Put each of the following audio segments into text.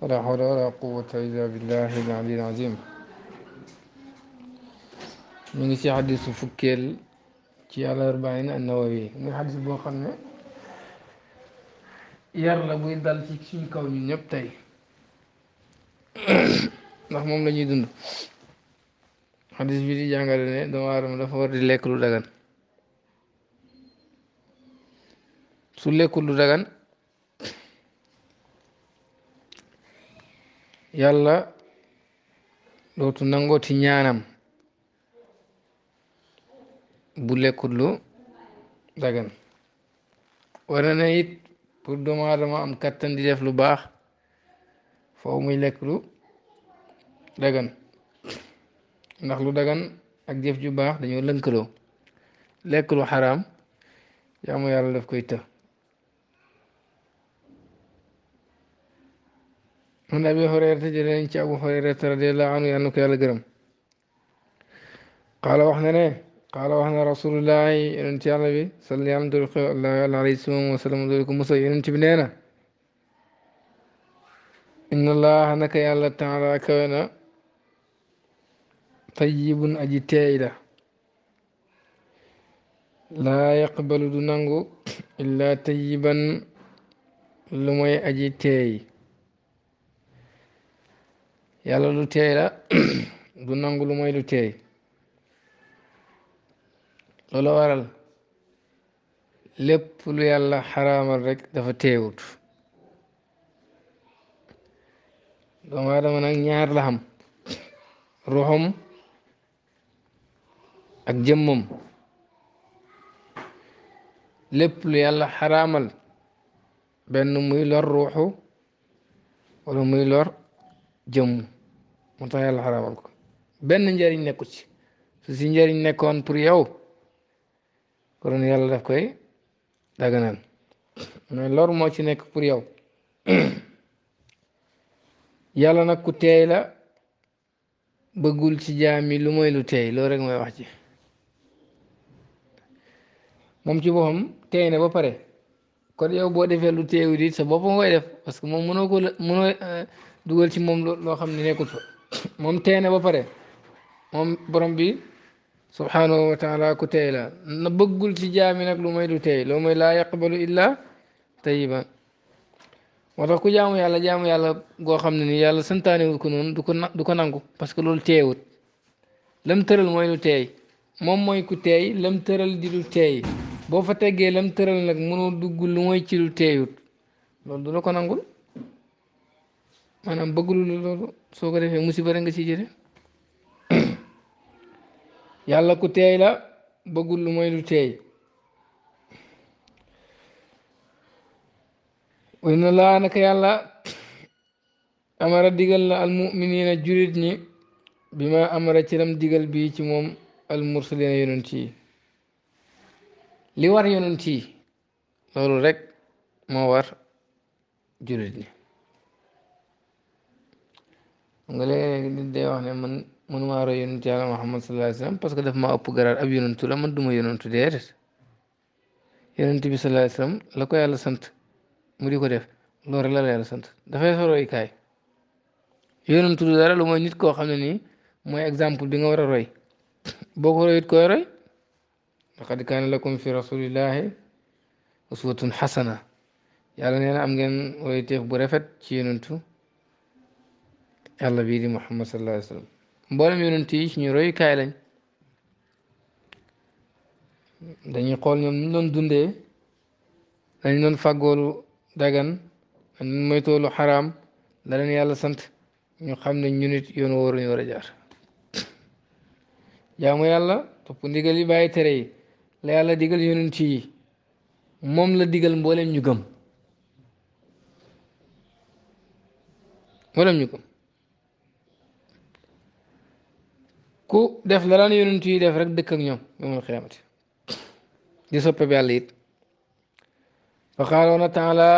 ولا حول ولا قوة إلا بالله العلي العظيم ñu ngi ci xadisu fukkeel ci al-arba'iin an-nawawi muy xadis boo xam ne yar la buy dal ci suñ kaw ñu ñëpp tey ndax moom la ñuy dund xadis bi di jàngale ne doomu aadama dafa war di lekk lu dagan su lekkul lu dagan yàlla dootu nangooti ñaanam bu lekkut lu dagan war na it pour doomu aadama am kattan di def lu baax foofu muy lekk lu dagan ndax lu dagan ak jëf ju baax dañoo lënkaloo lekk lu xaraam jaamu yàlla daf koy të an abi hurayrata jëlee nañ abu hurayrata radiallahu anhu yàlla na ko yàlla gërëm qaala wax na ne qaala wax na rasulullahi yonent yàlla bi sal yàlla dol ko allah alayhi wa sallam dol ko musa yonent na inna allaha taala kawe na aji teey la laa yaqbalu du nangu illa tayyiban lu aji teey yàlla lu teey la du nangu lu moy lu teey loolu waral lépp lu yàlla xaraamal rekk dafa teewut doomu aadama nag ñaar laxam xam ak jëmmam lépp lu yàlla xaraamal benn muy lor ruuxu wala muy lor jëm moo tax yàlla xaraamal ko benn njariñ nekku ci si njariñ nekkoon pour yow kon yàlla daf koy daganal mooy lor moo ci nekk pour yow yàlla nag ku teey la bëggul ci jaam yi lu mooy lu teey loolu rek mooy wax ci moom ci boppam teey na ba pare kon yow boo defee lu teeyu di sa bopp koy def parce moom mënoo ko euh, dugal ci moom loo xam ne nekkul fa moom tey na ba pare moom borom bi subhanahu wa taala ku tey la na bëggul ci jaami nag lu may lu tey loo may laa yaqbalu illa tayiba moo tax ku jaamu yàlla jaamu yàlla goo xam ne ni yàlla santaanewut ko noonu du ko du ko nangu parce que loolu wut lam tëral mooy lu teey moom mooy ku teey lam tëral di lu teey boo fa teggee lam tëral nag mënoo dugg lu mooy ci lu teeyut loolu du la ko nangul maanaam bëggul loolu soo ko defee musiba rek nga ci jële yàlla ku teey la bëggul lu mooy lu teey wala na laa naka yàlla amara digal la almuminina jurit ñi bi ma amara ci lam digal bii ci moom al almursalina yonent yi li war yonent yi loolu rek moo war jurit ñi nga léeg-léeg nit wax ne man que daf maa ëpp garaat ab yonentu la man duma yonentu déedéet yonent bi sallallahu alayhi la ko yàlla sant mu di ko def loolu la la yàlla sant dafay sa roykaay dara lu mooy nit koo xam ne nii mooy exemple bi nga war a roy boo ko royit koy roy laqad kaana lakum fi rasulillahi uswatun xasana yàlla nee am ngeen royteef bu rafet ci yonentu yàlla bii di muhammad sallallahu alayhi wa sallam mboolem yonent yi suñu royukaay lañ dañuy xool ñoom ñu doon dundee dañ doon fàggoolu dagan dañ doon moytoolu xaraam la leen yàlla sant ñu xam ne ñu nit yoon wóor ñu war a jaar jaamu yàlla topp ndigal yi bàyyi tere yi la yàlla digal yonent yi moom la digal mbooleem ñu gëm mbooleem ñu gëm ku def la daan yonent def rek dëkk ak ñoom yowmal xiyaamati di soppe bi yàlla it fa qaaloona taala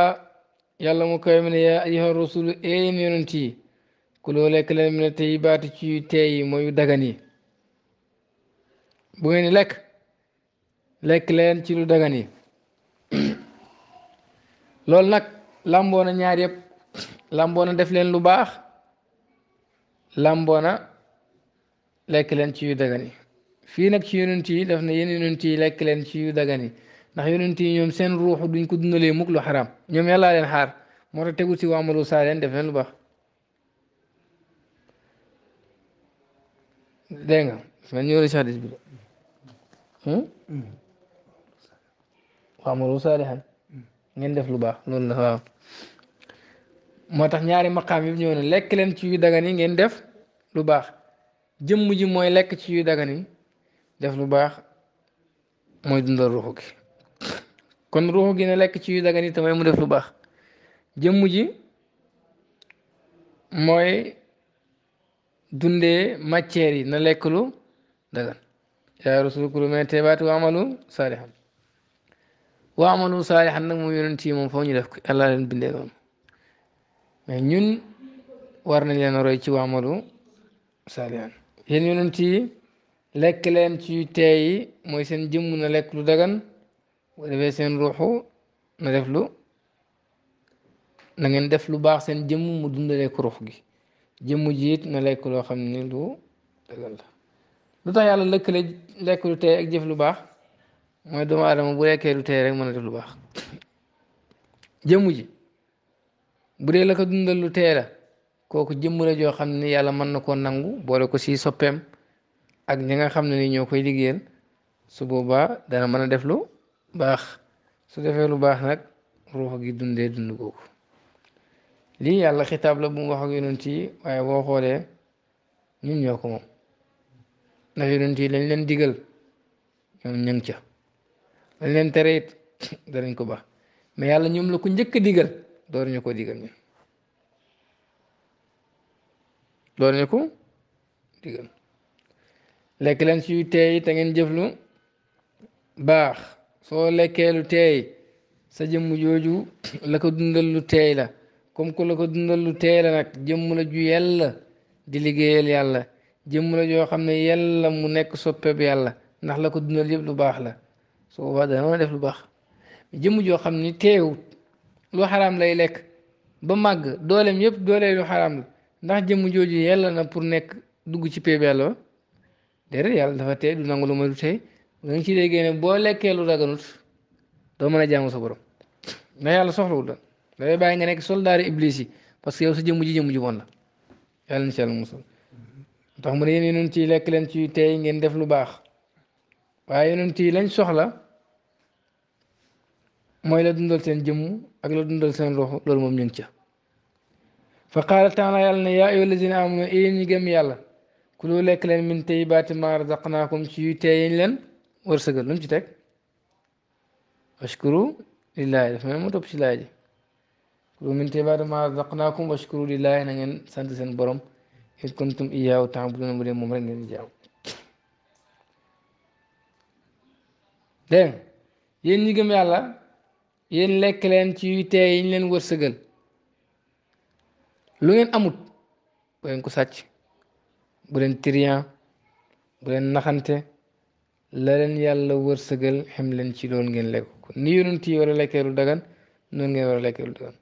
yàlla mu koy mu ne yaa ayyuha rasul yéen yonent yi ku loo lekk leen mu ne tey baati ci yu teey mooy yu dagan bu ngeen lekk lekk leen ci lu dagan yi loolu nag làmboona ñaar yëpp làmboona def leen lu baax làmboona lekk leen ci yu dagani fii nag ci yonent yi daf ne yéen yonent yi lekk leen ci yu dagani ndax yonent yi ñoom seen ruuxu duñ ko dundalee mukk lu xaraam ñoom yàllaa leen xaar moo tax tegu si waamalu saa leen def na si xadis bi hmm? waamalu saalihan def lu baax loolu la ñaari maqaam yi ñëw lekk leen ci yu dagani ngeen def lu baax jëmm ji mooy lekk ci yu dagani def lu baax mooy dundal ruuxu gi kon ruuxu gi ne lekk ci yu dagani tamay mu def lu baax jëmm ji mooy dunde matière yi na lekk lu dagan yaa rasul kulu min teebaat wa amalu saalihan wa amalu saalihan nag moom yonent yi moom foo ñu def ko yàlla leen bindee noonu mais ñun war nañ leen roy ci wa amalu saalihan yéen yonent yi lekk leen ci teey yi mooy seen jëmm na lekk lu dagan bu defee seen ruuxu na def lu na ngeen def lu baax seen jëmm mu dundalee ko ruux gi jëmm jiit na lekk loo xam ne lu dagan la lu tax yàlla lëkkale lekk lu teey ak jëf lu baax mooy doomu aadama bu lekkee lu teey rek mën a def lu baax jëmm ji bu dee la ko dundal lu teey la kooku jëmm la joo xam ne yàlla mën na koo nangu boole ko si soppeem ak ñi nga xam ne ni ñoo koy liggéeyal su boobaa dana mën a def lu baax su defee lu baax nag ruux gi dundee dund googu lii yàlla xitaab la wax ak yonent yi waaye boo xoolee ñun ñoo ko moom ndax yonent yi lañ leen digal ñoom ña ca lañ leen tere it danañ ko baax mais yàlla ñoom la ko njëkk a digal door ñu ko digal ñun loolu ne ko digal lekk leen ci yu teey te ngeen jëf lu baax soo lekkee lu teey sa jëmm jooju la ko dundal lu teey la comme que la ko dundal lu teey la nag jëmm la ju yàlla di liggéeyal yàlla jëmm la joo xam ne yàlla mu nekk soppeeb yàlla ndax la ko dundal yëpp lu baax la su boobaa dana mën a def lu baax jëmm joo xam ni teewut lu xaraam lay lekk ba màgg dooleem yëpp doolee lu xaraam la ndax jëmm jooju yàlla na pour nekk dugg ci pay bi yàlla ba déedéet yàlla dafa tey du nangu lu ma du tey da nga ci déggee ne boo lekkee lu daganut doo mën a jaamu sa borom ndax yàlla soxla soxlawul la dafay bàyyi nga nekk soldaari iblis yi parce que sa jëmm ji jëmm ji woon la yàlla na seen yàlla musal tax mu ne yéen yonent yi lekk leen ci tey ngeen def lu baax waaye yonent yi lañ soxla mooy la dundal seen jëmm ak la dundal seen rox loolu moom ñu ngi ca fa qaala taala yàlla ne yaa ayyuha allazina amanu yéen ñi yàlla kulu lekk leen min tayyibaati maa razaqnaakum ci yu tee yiñ leen wërsëgal lu mu ci teg washkuru lillaahi dafa mel mu topp ci laay ji kulu min tayyibaati maa razaqnaakum washkuru lillaahi na ngeen sant seen borom in kuntum iyyaahu ta'buduuna bu dee moom rek ngeen di jaamu dégg yéen ñi gëm yàlla yéen lekk leen ci yu tee yiñ leen wërsëgal lu ngeen amut bu leen ko sàcc bu leen trian bu leen naxante la leen yàlla wërsëgal xem leen ci loolu ngeen lekk ko ni yonent yi war a lekkee lu dagan noonu ngeen war a lekkee lu dagan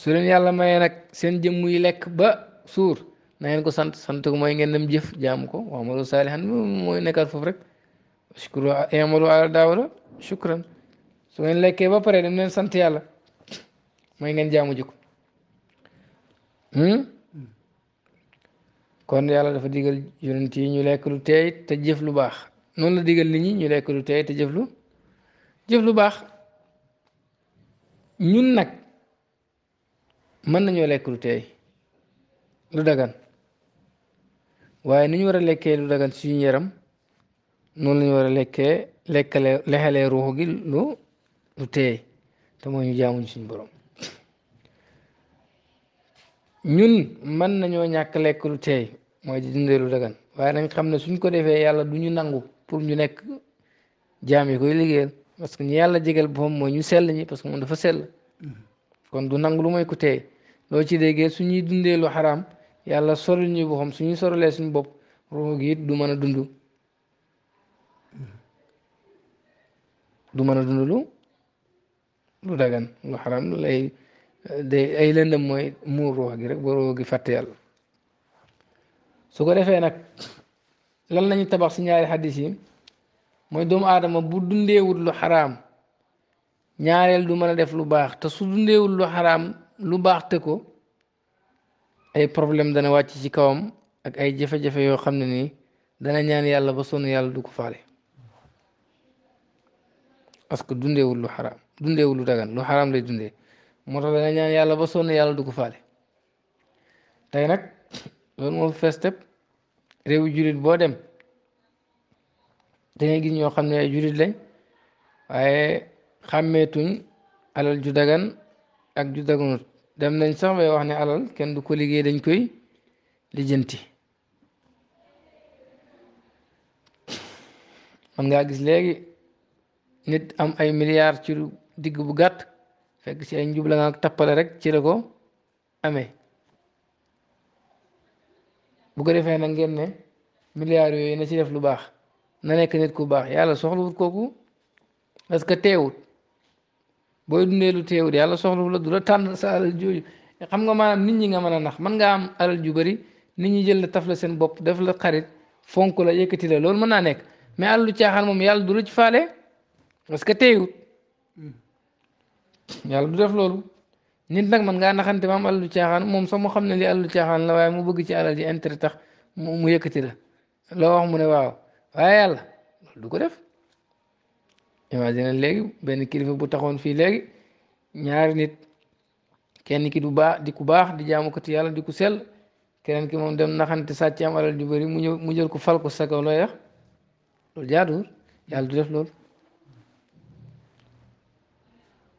su leen yàlla mayee nag seen jëmm yi lekk ba suur na ngeen ko sant sant ko mooy ngeen dem jëf jaamu ko wa amalu saalihan mooy nekkaat foofu rek shukru amalu ala daawuda su ngeen lekkee ba pare dem leen sant yàlla mooy ngeen jaamu jikko Hmm? kon yàlla dafa digal yonent yi ñu lekk lu teey te jëf lu baax noonu la digal nit ñi ñu lekk lu teey te jëf lu jëf lu baax ñun nag mën nañoo lekk lu teey lu dagan waaye ni ñu war a lekkee lu dagan suñu yaram noonu la ñu war a lekkee lekkale lexalee ruux gi lu lu teey te mooy ñu jaamuñ suñu borom ñun mën nañoo ñàkk lekk lu teey mooy di dundee lu dagan waaye nañ xam ne suñ ko defee yàlla du ñu nangu pour ñu nekk jaam yi koy liggéeyal parce que ñu yàlla jégal boppam mooy ñu sell ñi parce que moom dafa sell kon du nangu lu mooy ku teey loo ci déggee suñuy dundee lu xaraam yàlla soril ñuy boppam suñuy sorilee suñu bopp roo gi du mën a dund du mën a dund lu lu dagan lu lay day ay lëndam mooy muur ruux gi rek ba ruux fàtte yàlla su ko defee nag lan lañu tabax si ñaari xaddis yi mooy doomu aadama bu dundeewul lu xaraam ñaareel du man a def lu baax te su dundeewul lu xaraam lu baax te ko ay problème dana wàcc ci kawam ak ay jafe yoo xam ne nii dana ñaan yàlla ba sonn yàlla du ko faale parce que dundeewul lu xaraam dundeewul lu dagan lu xaraam lay dundee moo tax danga ñaan yàlla ba sonn yàlla du ko faale tey nag loolu moo fi réewu jullit boo dem dangay gis ñoo xam ne ay jullit lañ waaye xàmmeetuñ alal ju dagan ak ju daganut dem nañ sax bay wax ne alal kenn du ko liggéey dañ koy lijjanti man ngaa gis léegi nit am ay milliards ci digg bu gàtt fekk ci ay njubla nga ak tappale rek ci la ko amee bu ko defee nag ngeen ne milliards yooyu na ci def lu baax na nekk nit ku baax yàlla soxlawut kooku parce que teewut booy dundee lu teewut yàlla soxlawut la du la tànn sa alal jooju xam nga ma nit ñi nga mën a nax mën ngaa am alal ju bari nit ñi jël la taf la seen bopp def la xarit fonk la yëkkati la loolu mën naa nekk mais alal lu caaxaan moom yàlla du la faale parce que teewut hmm. yàlla du def loolu nit nag man ngaa naxante ma am alalu caaxaan moom sax mu xam ne li alalu caaxaan la waaye mu bëgg ci alal ji intérêt tax mu yëkkati la loo wax mu ne waaw waaye yàlla loolu du ko def imagine léegi benn kilifa bu taxoon fii léegi ñaari nit kenn ki du baax di ku baax di jaamu ko ci yàlla di ku sel keneen ki moom dem naxante sàcc am alal ju mu ñëw mu jël ko fal ko sa kaw looy loolu jaaduwul yàlla du def loolu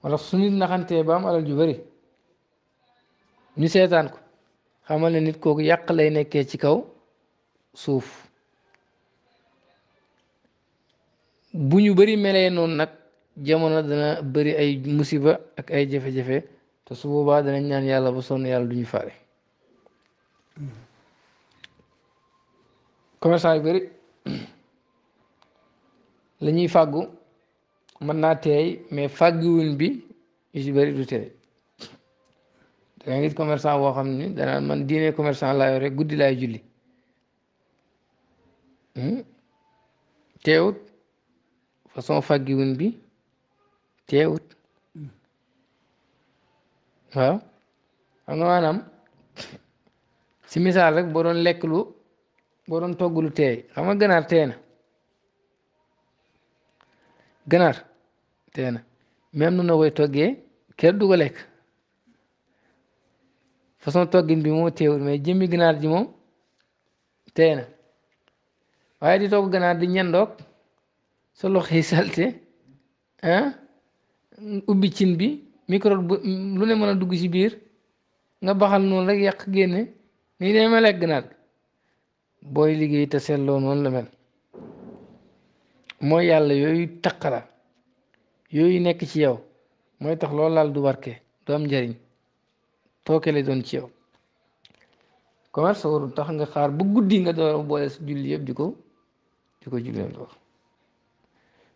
wala su nit naxantee ba am alal ju bëri ñu seetaan ko xamal na nit kooku yàq lay nekkee ci kaw suuf bu ñu bari melee noonu nag jamono dana bari ay musiba ak ay jafe-jafe te su boobaa danañ ñaan yàlla ba sonn yàlla du ñu faale commerçant yu bëri la fàggu mën naa teey mais fàggiwuñ bi yu si bëri du teey da nga gis commerçant boo xam ni danaan man diine commerçant laa yore guddi laay julli hmm? teewut façon fàggiwuñ bi teewut waaw xam nga maanaam si misaal rek boo doon lekk lu boo doon togg lu teey nga ganaar teey ganaar tee na même nu na koy toggee kenn du ko lekk façon toggin bi moo teewul mais jëmmi ganaar ji moom tee waaye di togg ganaar di ñendoog sa loxo yi salte ah ubbi cin bi microbe bu lu ne mën a dugg ci biir nga baxal noonu rek yàq génne nii day ma lekk ganaar booy liggéey te seetloo noonu la mel mooy yàlla yooyu taqala yooyu nekk ci yow mooy tax loolu laal du barke du am njariñ tooke lay doon ci yow commerce warul tax nga xaar ba guddi nga door a boole julli yëpp di ko di ko julleen doo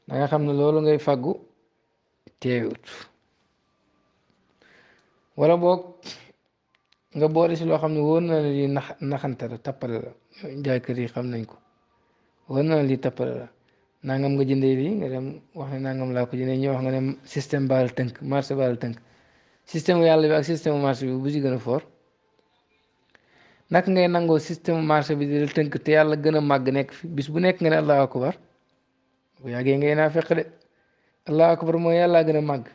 da nga xam ne loolu ngay faggu teewut wala boog nga boole si loo xam ne wóor na la li nax naxante la tappale la jaay kër yi xam nañ ko wóor na la li tappale la nangam nga jëndee bi nga dem wax ne nangam laa ko jëndee ñu wax nga ne système baal tënk marché baal tënk système yàlla bi ak système marché bi bu ci gën a fort ngay nangoo système marché bi tënk te yàlla gën a màgg nekk fi bu nekk nga ne allahu akbar bu yàggee ngay naa fekk de allahu akbar mooy yàllaa gën a màgg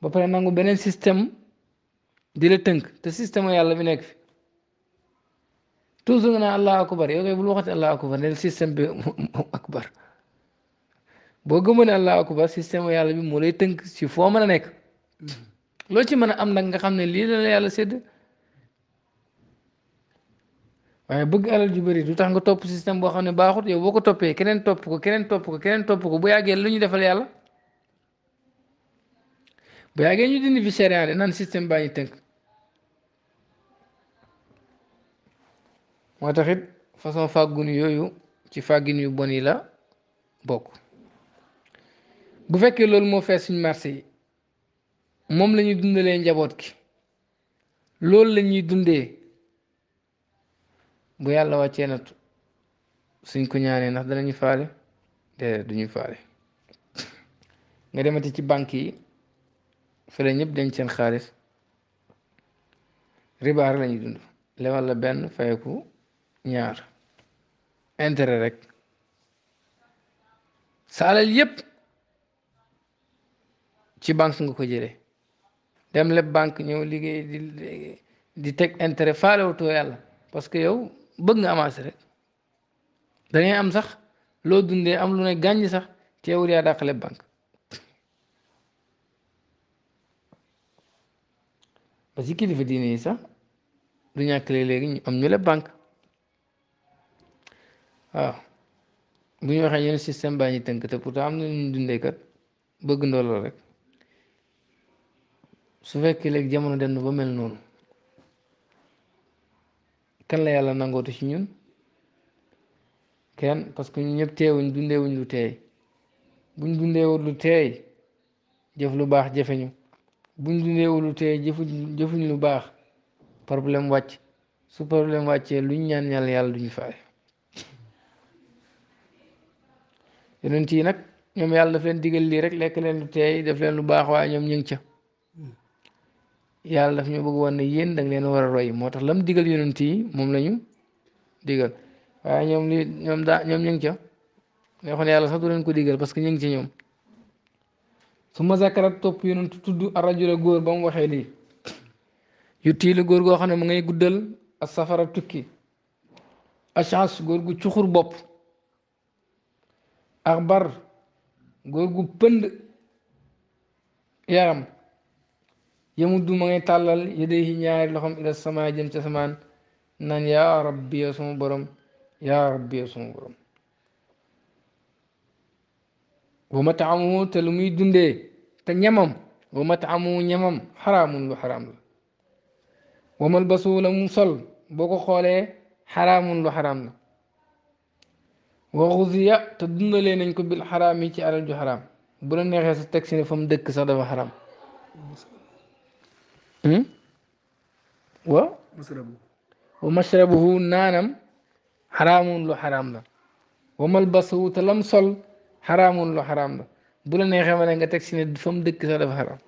ba pare nangu beneen système di la tënk te système yàlla bi nekk fi toujours nga ne allahu akbar yow kay bul waxati allahu akbar ne système bi akbar boo gëmoo ne allahu akbar système yàlla bi moo lay tënk ci foo mën a nekk mm-hmm. loo ci mën a am nag nga xam ne lii la la yàlla sédd waaye bëgg alal ju bëri du tax nga topp système boo xam ne baaxut yow boo ko toppee keneen topp ko keneen topp ko keneen topp ko bu yàggee lu ñu defal yàlla bu yàggee ñu dindi fi sharia de naan système baa tënk moo taxit façon fàggunu yooyu ci fàggin yu bon yi la bokk bu fekkee loolu moo fees suñ marché yi moom la ñuy dundalee njaboot loolu la ñuy dundee bu yàlla wàccee natu suñ ko ñaanee ndax danañu faale déedéet duñu faale nga demati ci banque yi fële ñëpp dañ seen xaalis ribaar lañuy dund lewal la benn fayeku ñaar intérêt rek sa alal yépp ci banque nga ko jëlee dem leb banque ñëw liggéey di di teg intérêt faalewutoo yàlla parce que yow bëgg nga avancer rek da am sax loo dundee am lu ne gàññ sax teewul yaa dàq leb banque parce que kilifa diine yi sax du ñàkk léegi ñu am ñu leb banque waaw bu ñu waxee ñu ne système baa ñu tënk te pourtant am na ñu dundee kat bëgg ndoolal rek. su fekkee léegi jamono dem na ba mel noonu kan la yàlla nangootu ci ñun kenn parce que ñun ñëpp teewuñ dundeewuñ lu teey buñ dundeewul lu teey jëf lu baax jëfeñu buñ dundeewul lu teey jëfuñ jëfuñ lu baax problème wàcc su wàcce wàccee luñ ñaan yàlla yàlla duñu faay yonent yi nag ñoom yàlla daf leen digal lii rek lekk leen lu teey def leen lu baax waaye ñoom ñu ngi ca yàlla daf ñu bëgg woon ne yéen da leen war a roy moo tax lam digal yonent yi moom la ñu digal waaye ñoom li ñoom daa ñoom ñu ngi ca neexoon yàlla sax du leen ko digal parce que ñu ngi ci ñoom su ma zakarat topp yonent tudd arajula góor ba mu waxee lii yu tiilu góor goo xam ne mu ngay guddal ak safara tukki a chance góor gu cuxur bopp ak bar góor gu pënd yaram يمد من يتلل يديه نيار لهم إلى السماء جمت سمان نان يا ربي يا برم يا ربي يا برم وما تعمو تلمي دندي تنيمم وما نيمم حرام وحرام وما البسو لمصل بوكو خولي حرام وحرام وغزية تدن لين انكو بالحرام يتي على الجحرام برن يغيس التكسين فم دك صدف حرام. Hmm? wa wa mashrabuhu naanam xaraamun lu xaraam la wa malbasuhu te lam sol xaraamun lu xaraam la bu la neexee ma ne nga teg si ne fa dëkk sax dafa xaraam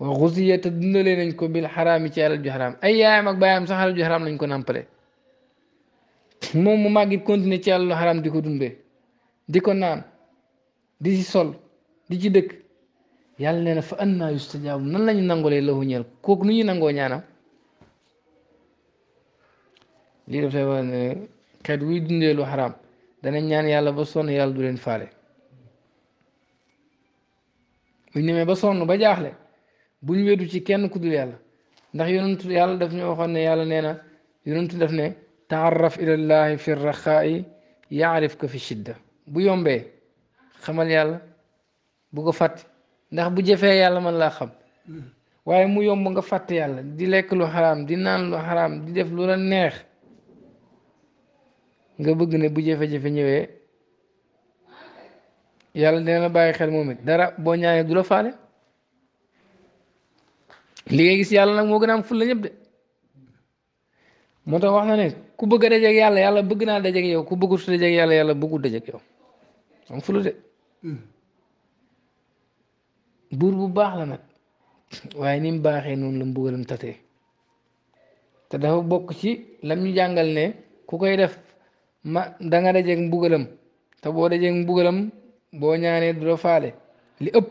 wa xusiya te dundalee nañ ko bil xaraam yi ci alal ay yaayam ak baayam sax alal lañ ko nàmpale moom mu màggit continuer ci alal di ko dunde di ko naan di ci sol di ci dëkk yàlla nee na fa an naa yustajaabu nan lañu nangolee lahu ñeel kooku nu ñu nangoo ñaanam lii dafay wax ne xeet wuy dundee lu xaraam danañ ñaan yàlla ba sonn yàlla du leen faale buñ demee ba sonn ba jaaxle buñ weedu ci kenn ku dul yàlla ndax yonentu yàlla daf ñu waxoon ne yàlla nee na yonentu daf ne taarraf ilallahi fi raxaai yaarif ko fi shidda bu yombee xamal yàlla bu ko fàtte ndax bu jëfee yàlla man laa xam waaye mu yomb nga fàtte yàlla di lekk lu xaraam di naan lu haram di def lu la neex nga bëgg ne bu jafe-jafe ñëwee yàlla dina la bàyyi xel moom it dara boo ñaanee du la faale li ngay gis yàlla nag moo gën a am ful la ñëpp de moo tax wax na ne ku bëgg a dajeeg yàlla yàlla bëgg naa dajeeg yow ku bëggut dajeeg yàlla yàlla bëggut dajeeg yow am fulu de buur bu baax la nag waaye ni mu baaxee noonu la mbugalam tatee te dafa bokk ci lam ñu jàngal ne ku koy def ma danga nga dajeeg te boo dajeeg mbugalam boo ñaanee du la li ëpp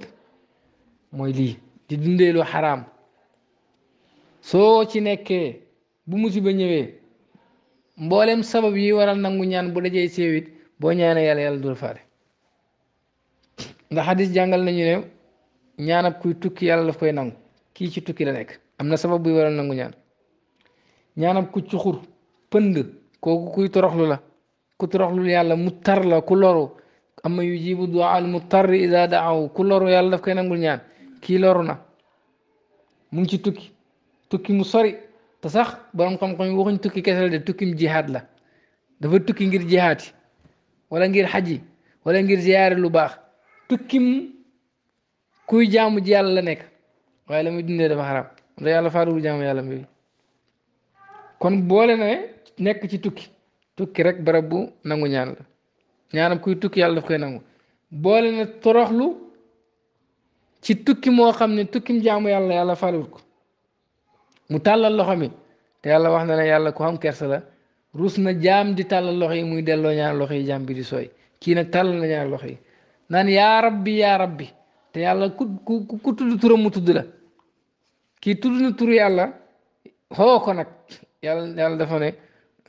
mooy lii di dundee lu xaraam soo ci nekkee bu musiba ñëwee mboolem sabab yi waral nangu ñaan bu dajee séewit boo ñaanee yàlla yàlla du la ndax xadis jàngal nañu ne ñaanab kuy tukki yàlla daf koy nangu kii ci tukki la nekk am na sabab buy waral nangu ñaan ñaanab ku cuxur pënd kooku kuy toroxlu la ku toroxlu yàlla mu tar la ku loru amma yujibu du'a al mutarri ida daaw ku loru yàlla daf koy nangul ñaan kii loru na mu ngi ci tukki tukki mu sori te sax borom xam-xam yi tukki kese la de tukkim jihaad la dafa tukki ngir jihaati wala ngir xaji wala ngir ziyaare lu baax tukkim kuy jaamu ji yàlla la nekk waaye la muy dundee dafa xaram ndax yàlla faaduwul jaamu yàlla mi kon boole na nekk ci tukki tukki rek barab bu nangu ñaan la ñaanam kuy tukki yàlla daf koy nangu boole na toroxlu ci tukki moo xam ne tukkim jàmm yàlla yàlla faaduwul ko mu tàllal loxo mi te yàlla wax na ne yàlla ku am kersa la ruus na jaam di tàllal loxo yi muy delloo ñaar loxo yi jàmm bi di sooy kii nag tàllal na ñaar loxo yi naan yaa rabbi yaa rabbi te yàlla ku ku ku tudd turam mu tudd la kii tudd na tur yàlla xoo ko nag yàlla yàlla dafa ne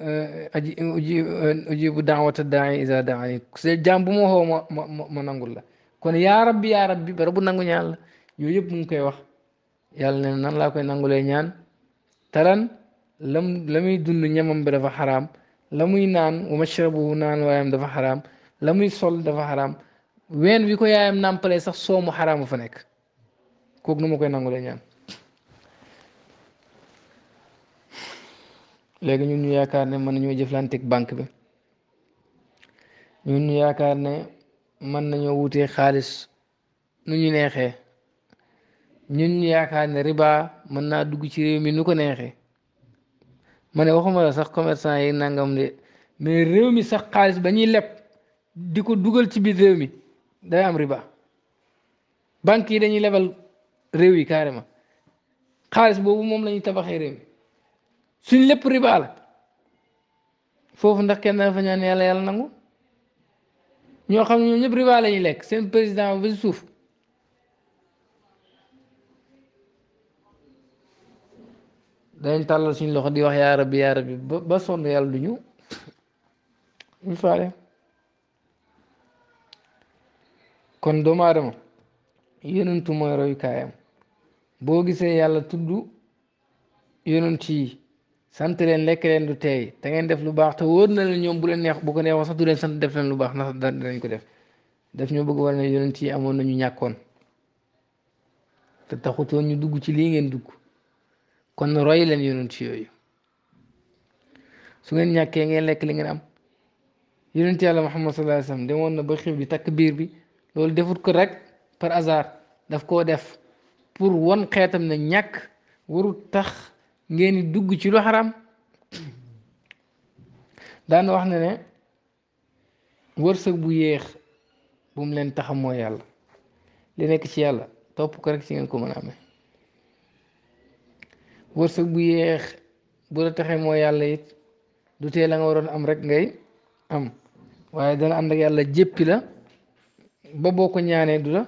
eh, aji uji eh, uji bu daawata daai isa daani se jaam bu ma xoo ma ma ma nangul la kon yaa rabbi yaa rabbi bara bu nangu ñaan la yooyu yëpp mu ngi koy wax yàlla ne nan laa koy nangulee ñaan talan lam la muy dund ñamam bi dafa xaraam la muy naan wa mashrabu naan waayam dafa xaraam la muy sol dafa xaraam ween wi ko yaayam nàmpalee sax soo mu xaraama fa nekk kook nu ma koy nangu la ñaan léegi ñun ñu yaakaar ne mën nañoo jëflanteeg banque bi ñu yaakaar ne mën nañoo wutee xaalis nu ñu neexee ñun ñu yaakaar ne riba mën naa dugg ci réew mi nu ko neexee ma ne waxuma la sax commerçant yi nangam de mais réew mi sax xaalis ba ñuy leb di ko dugal ci biir réew mi. day am riba banque yi dañuy lebal réew yi carrément xaalis boobu moom la ñuy tabaxee réew yi suñ lépp riba la foofu ndax kenn dafa ñaan yàlla yàlla nangu ñoo xam ne ñoom ñëpp riba lañuy lekk seen président ba suuf dañ tàllal suñ loxo di wax yaa rabbi yaa rabbi ba sonn yàlla du ñu ñu faale kon doomu aadama yonentu mooy royukaayam boo gisee yàlla tudd yonent yi sant leen lekk leen du teey te ngeen def lu baax te wóor na leen ñoom bu leen neex bu ko neexoon sax du sant def leen lu baax ndax danañ ko def daf ñoo bëgg war ne yonent amoon nañu ñàkkoon te taxutoon ñu dugg ci lii ngeen dugg kon roy leen yonent yooyu su ngeen ñàkkee ngeen lekk li ngeen am yonent yàlla Muhammad sallallahu alayhi wa sallam demoon na ba xiif di takk biir bi loolu defut ko rek par hasard daf koo def pour won xeetam ne ñàkk warul tax ngeen di dugg ci lu xaram daan wax na ne wërsëg bu yéex bu mu leen taxam mooy yàlla li nekk ci yàlla topp ko rek ci ngeen ko mën a ame wërsëg bu yéex bu la mooy yàlla it du tee waroon am rek ngay am waaye dana ànd ak yàlla jéppi la ba ko ñaanee du la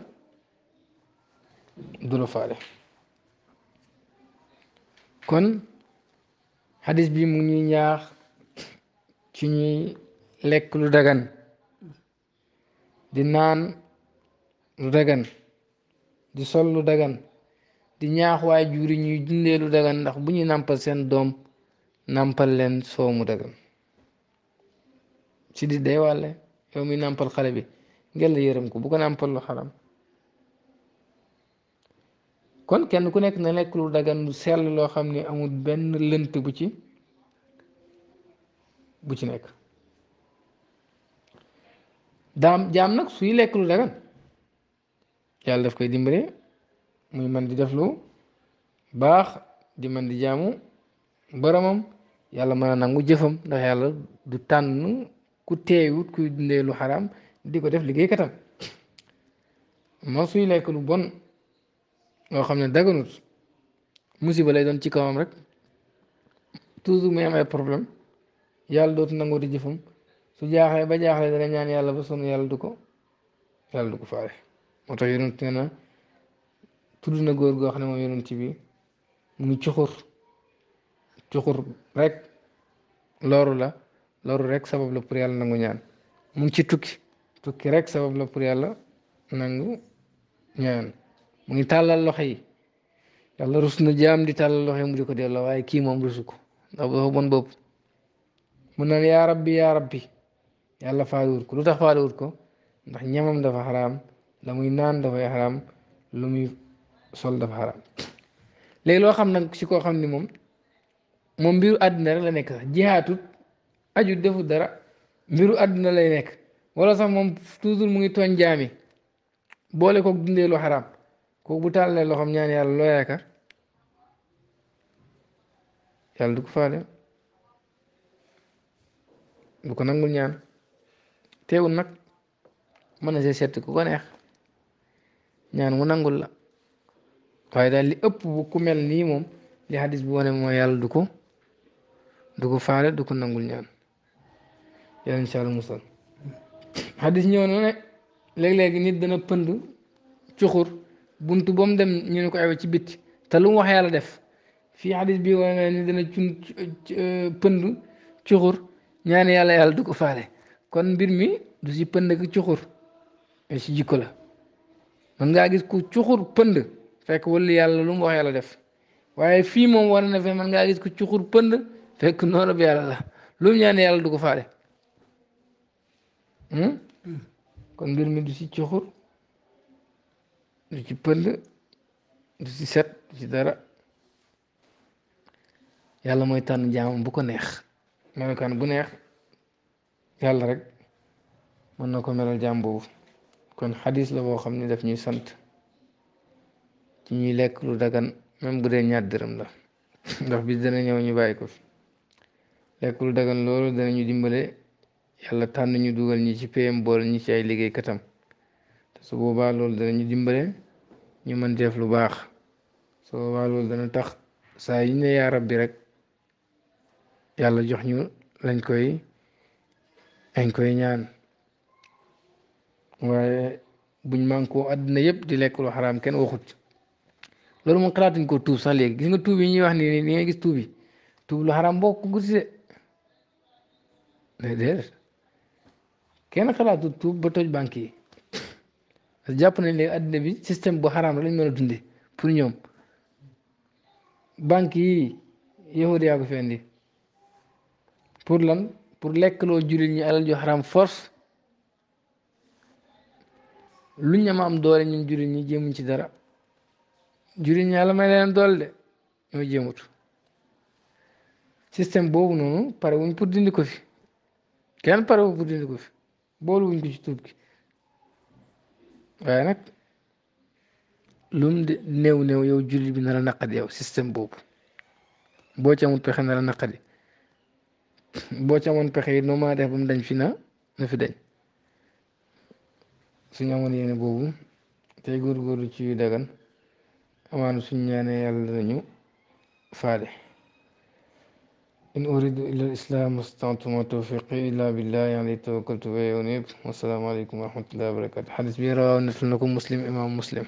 du la faale kon xadis bi mu ñuy ñaax ci ñuy lekk lu dagan di naan lu dagan di sol lu dagan di ñaax waay juri ñuy dundee lu dagan ndax bu ñuy nàmpal seen doom nàmpal leen soomu dagan si di day wàlle yow mi nàmpal xale bi ngela yërëm ko bu ko nàmpal lu xaram kon kenn ku nekk na lekk lu dagan lu sell loo xam ne amul benn lënt bu ci bu ci nekk daam jaam nag suy lekk lu dagan yàlla daf koy dimbale muy man di def lu baax di man di jaamu boromam yàlla mën a nangu jëfam ndax yàlla du tànn ku teewut kuy dundee lu xaram di ko def liggéey katam moom suy lekk lu bon loo xam ne daganut musiba lay doon ci kawam rek toujours muy am ay problème yàlla dootu nangoo di jëfam su jaaxee ba jaaxle dana ñaan yàlla ba sonn yàlla du ko yàlla du ko faale moo tax yonent nee na tudd na góor goo xam ne moom yonent bi mu ngi cuxur cuxur rek looru la looru rek sabab la pour yàlla nangu ñaan mu ngi ci tukki tukki rek sabab la pour yàlla nangu ñaan mu ngi tàllal loxo yi yàlla rus na jaam di tàllal loxo yi mu di ko delloo waaye kii moom rusu ko ndax dafa bon bopp mu naan yaa rabbi yaa rabbi yàlla faalewut ko lu tax faalewut ko ndax ñamam dafa xaraam la muy naan dafay xaraam lu muy sol dafa xaraam léegi loo xam nag si koo xam ni moom mbiru àddina rek la nekk jihaatut ajut defut dara mbiru àddina lay nekk wala sax moom toujours mu ngi tooñ jaami boole kook dundee lu xaraam kooku bu tàllee loxoom ñaan yàlla loo yaakaar yàlla du ko faale du nangul ñaan teewu nag mën na seet ku ko neex ñaan mu nangul la waaye daal li ëpp bu ku mel nii moom li xadis bu wane mooy yàlla du ko du ko faale du ko nangul ñaan yàlla incha allah musal xadis ñëw na ne léeg-léeg nit dana pënd cuxur bunt bom mu dem ñu ne ko aywa ci bitti te lu mu wax yàlla def fii xadis bii wane na nit dana cun euh, pënd cuxur ñaan yàlla yàlla du ko faale kon mbir mi du si pënd ak cuxur si jikko la mën nga gis ku cuxur pënd fekk wala yàlla lu mu wax yàlla fii moom war na ngaa gis ku cuxur pënd fekk noonu bi yàlla la lu mu ñaan yàlla du ko Hmm? kon mbir mi du ci cuxur du ci pël du ci set du ci dara yàlla mooy tànn jaamam bu ko neex melokaan bu neex yàlla rek mën na ko melal jaam boobu kon xadis la boo xam ne daf ñuy sant ci ñuy lekk lu dagan même bu dee ñaar dërëm la ndax bis dana ñëw ñu bàyyi ko fi lekk lu dagan loolu dana ñu dimbale yàlla tànn ñu dugal ñi ci PM bool ñi ci ay liggéey katam te su boobaa loolu dana ñu dimbale ñu mën def lu baax su boobaa dana tax saa yi ne yaa rabbi rek yàlla jox ñu lañ koy lañ koy ñaan waaye buñ mànkoo àddina yëpp di lekk lu xaraam kenn waxut loolu moom xalaatuñ ko tuub sax léegi gis nga tuub yi ñuy wax nii li ngay gis tuub tuub lu xaraam bokk guddi de déedéet kenn xalaatul tuub ba toj banque yi jàpp nañ léegi àddina bi système bu xaraam lañ mën a dunde pour ñoom banque yi yahudi yaa ko fi indi pour lan pour lekkloo jullit ñi alal ju xaraam force luñ ñama am doole ñun jullit ñi jéemuñ ci dara jullit ñi yàlla may leen doole de ñoo jéemut système boobu noonu pare wuñ pour dindi ko fi kenn pare wuñ pour dindi ko fi بول وينج جتوبك غانك لوم نيو نيو يو جولي بنا نقد يو سيستم بوب بوتي مون بخي نرا نقد بوتي مون بخي نوما ديف بوم دنج فينا نفي دنج سيني مون ييني بوب تي غور غور تي دغان امانو سيني ناني يالا نيو فالح إن أريد إلا الإسلام ما وما توفيقي إلا بالله يعني توكلت وإليه والسلام عليكم ورحمة الله وبركاته حديث بيرا نتلنكم مسلم إمام مسلم